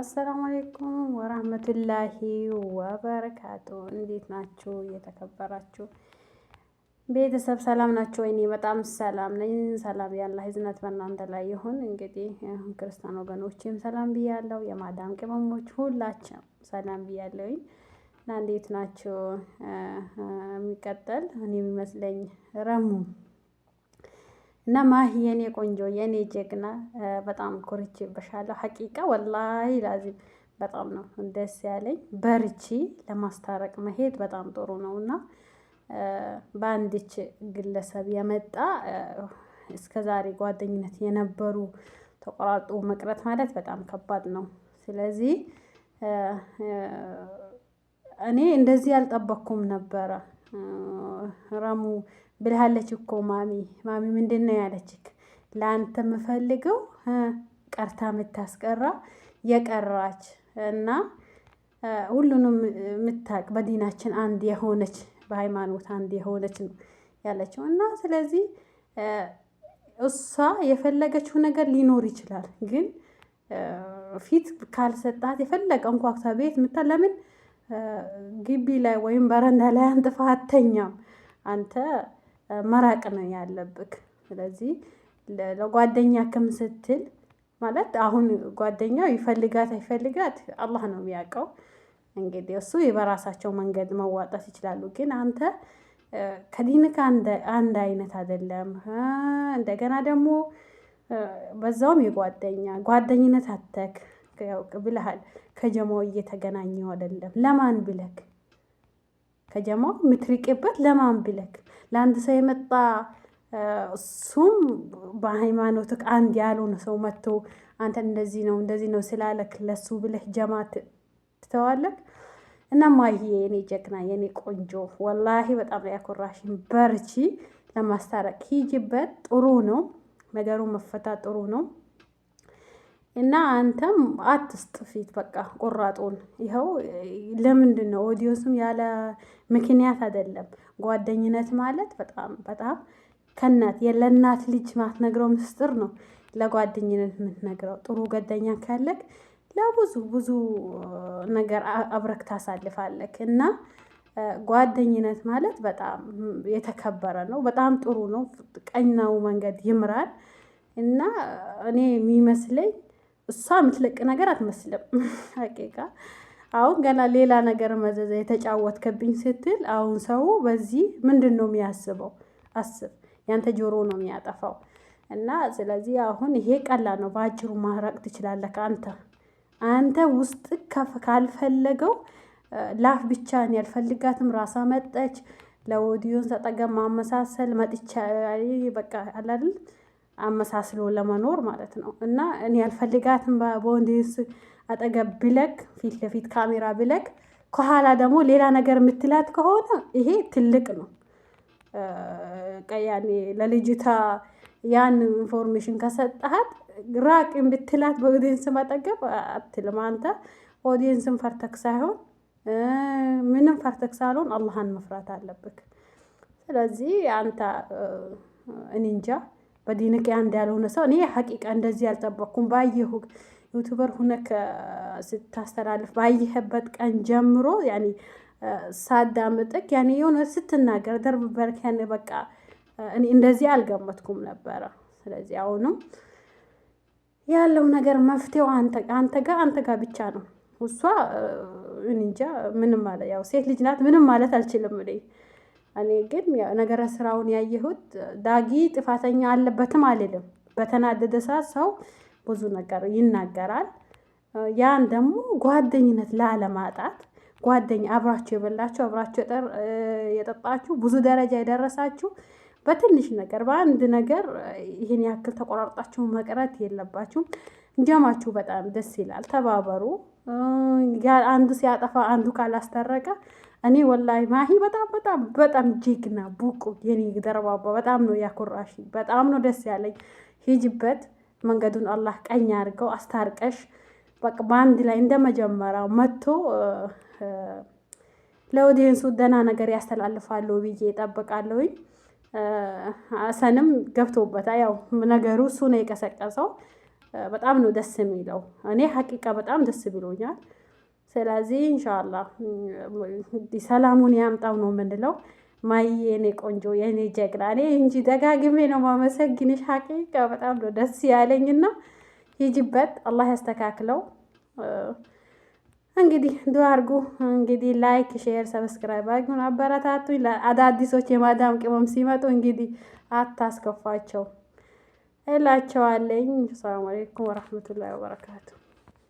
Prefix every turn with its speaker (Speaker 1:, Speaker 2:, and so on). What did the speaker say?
Speaker 1: አሰላሙ አሌይኩም ወራህመቱላሂ ወበረካቱ። እንዴት ናችሁ? እየተከበራችሁ ቤተሰብ ሰላም ናቸው ወይ? እኔ በጣም ሰላም ነኝ። ሰላም ያለ ህዝነት በእናንተ ላይ ይሁን። እንግዲህ ክርስቲያን ወገኖችም ሰላም ብያለሁ። የማዳም ቅመሞች ሁላቸው ሰላም ብያለሁኝ እና እንዴት ናችሁ? የሚቀጠል እኔ የሚመስለኝ ረሙ እና ማሂ የኔ ቆንጆ የኔ ጀግና በጣም ኮርቼብሻለሁ። ሀቂቃ ወላሂ ላዚም በጣም ነው ደስ ያለኝ። በርቺ። ለማስታረቅ መሄድ በጣም ጥሩ ነው እና በአንድች ግለሰብ የመጣ እስከ ዛሬ ጓደኝነት የነበሩ ተቆራርጦ መቅረት ማለት በጣም ከባድ ነው። ስለዚህ እኔ እንደዚህ ያልጠበኩም ነበረ። ረሙ ብልሃለች እኮ ማሚ ማሚ ምንድን ነው ያለችክ? ለአንተ የምፈልገው ቀርታ የምታስቀራ የቀራች እና ሁሉንም የምታውቅ በዲናችን አንድ የሆነች በሃይማኖት አንድ የሆነች ነው ያለችው እና ስለዚህ እሷ የፈለገችው ነገር ሊኖር ይችላል፣ ግን ፊት ካልሰጣት የፈለገ እንኳ ቤት ምታ ለምን ግቢ ላይ ወይም በረንዳ ላይ አንጥፋ አተኛም? አንተ መራቅ ነው ያለብክ። ስለዚህ ለጓደኛ ክም ስትል ማለት አሁን ጓደኛው ይፈልጋት አይፈልጋት አላህ ነው የሚያውቀው። እንግዲህ እሱ በራሳቸው መንገድ መዋጣት ይችላሉ። ግን አንተ ከዲንክ አንድ አይነት አይደለም። እንደገና ደግሞ በዛውም የጓደኛ ጓደኝነት አተክ ብልሃል ከጀማው እየተገናኘው አይደለም። ለማን ብለክ ከጀማው የምትርቅበት ለማን ብለክ ለአንድ ሰው የመጣ እሱም በሃይማኖትክ አንድ ያልሆነ ሰው መጥቶ አንተ እንደዚህ ነው እንደዚህ ነው ስላለክ ለሱ ብለህ ጀማ ትተዋለክ። እና ማዬ የኔ ጀግና የኔ ቆንጆ ወላሂ በጣም ነው ያኮራሽን። በርቺ፣ ለማስታረቅ ሂጅበት። ጥሩ ነው ነገሩ መፈታ ጥሩ ነው። እና አንተም አትስጥ ፊት በቃ ቁራጡን ይኸው ለምንድን ነው ኦዲዮስም ያለ ምክንያት አይደለም። ጓደኝነት ማለት በጣም በጣም ከእናት ለእናት ልጅ ማትነግረው ምስጢር ነው። ለጓደኝነት የምትነግረው ጥሩ ጓደኛ ካለክ ለብዙ ብዙ ነገር አብረክ ታሳልፋለክ እና ጓደኝነት ማለት በጣም የተከበረ ነው። በጣም ጥሩ ነው። ቀናው መንገድ ይምራል እና እኔ የሚመስለኝ እሷ የምትለቅ ነገር አትመስልም። ሀቂቃ አሁን ገና ሌላ ነገር መዘዘ የተጫወትከብኝ ስትል አሁን ሰው በዚህ ምንድን ነው የሚያስበው? አስብ፣ ያንተ ጆሮ ነው የሚያጠፋው። እና ስለዚህ አሁን ይሄ ቀላል ነው። በአጭሩ ማራቅ ትችላለህ። ከአንተ አንተ ውስጥ ከፍ ካልፈለገው ላፍ ብቻ እኔ አልፈልጋትም። ራሳ መጠች ለወዲዮን ተጠገም ማመሳሰል መጥቻ በቃ አላለም አመሳስሎ ለመኖር ማለት ነው። እና እኔ ያልፈልጋትም በወንዴስ አጠገብ ብለክ ፊት ለፊት ካሜራ ብለክ ከኋላ ደግሞ ሌላ ነገር የምትላት ከሆነ ይሄ ትልቅ ነው። ቀያኔ ለልጅታ ያን ኢንፎርሜሽን ከሰጠሃት ራቅ ብትላት በኦዲየንስም አጠገብ አትልም። አንተ ኦዲየንስን ፈርተክ ሳይሆን ምንም ፈርተክ ሳልሆን አላህን መፍራት አለብክ። ስለዚህ አንተ እኔ እንጃ በዲንቅ አንድ ያልሆነ ሰው እኔ ሀቂቃ እንደዚህ አልጠበኩም ባየሁ ዩቱበር ሁነክ ስታስተላልፍ ባየህበት ቀን ጀምሮ ያኔ ሳዳምጥክ ያ የሆነ ስትናገር ደርብ በርክ ያ በቃ እንደዚህ አልገመትኩም ነበረ። ስለዚህ አሁንም ያለው ነገር መፍትሄው አንተ ጋር አንተ ጋር ብቻ ነው። እሷ እንጃ ምንም ማለት ያው ሴት ልጅ ናት፣ ምንም ማለት አልችልም። እኔ ግን ነገረ ስራውን ያየሁት ዳጊ ጥፋተኛ አለበትም አልልም። በተናደደ ሰዓት ሰው ብዙ ነገር ይናገራል። ያን ደግሞ ጓደኝነት ላለማጣት ጓደኛ አብራችሁ የበላችሁ አብራችሁ የጠጣችሁ ብዙ ደረጃ የደረሳችሁ በትንሽ ነገር በአንድ ነገር ይህን ያክል ተቆራርጣችሁ መቅረት የለባችሁም። ጀማችሁ በጣም ደስ ይላል። ተባበሩ። አንዱ ሲያጠፋ አንዱ ካላስታረቀ እኔ ወላሂ ማሂ በጣም በጣም በጣም ጀግና ቡቁ የኔ ደረባባ በጣም ነው ያኮራሽ። በጣም ነው ደስ ያለኝ። ሂጅበት መንገዱን አላህ ቀኝ አድርገው አስታርቀሽ በአንድ ላይ እንደ መጀመሪያው መጥቶ ለኦዲየንሱ ደህና ነገር ያስተላልፋሉ ብዬ እጠብቃለሁኝ። ሰንም ገብቶበታል። ያው ነገሩ እሱ ነው የቀሰቀሰው። በጣም ነው ደስ የሚለው። እኔ ሀቂቃ በጣም ደስ ብሎኛል። ስለዚህ እንሻላ ሰላሙን ያምጣው ነው የምንለው። ማይ የኔ ቆንጆ የኔ ጀግና፣ እኔ እንጂ ደጋግሜ ነው ማመሰግንሽ። ሀቂቃ በጣም ነው ደስ ያለኝና ሂጅበት፣ አላህ ያስተካክለው። እንግዲህ ዱአ አርጉ። እንግዲህ ላይክ፣ ሼር፣ ሰብስክራይብ አድርጉን፣ አበረታቱኝ። አዳዲሶች የማዳም ቅመም ሲመጡ እንግዲህ አታስከፋቸው እላቸዋለኝ። ሰላሙ አለይኩም ወረህመቱላሂ ወበረካቱ።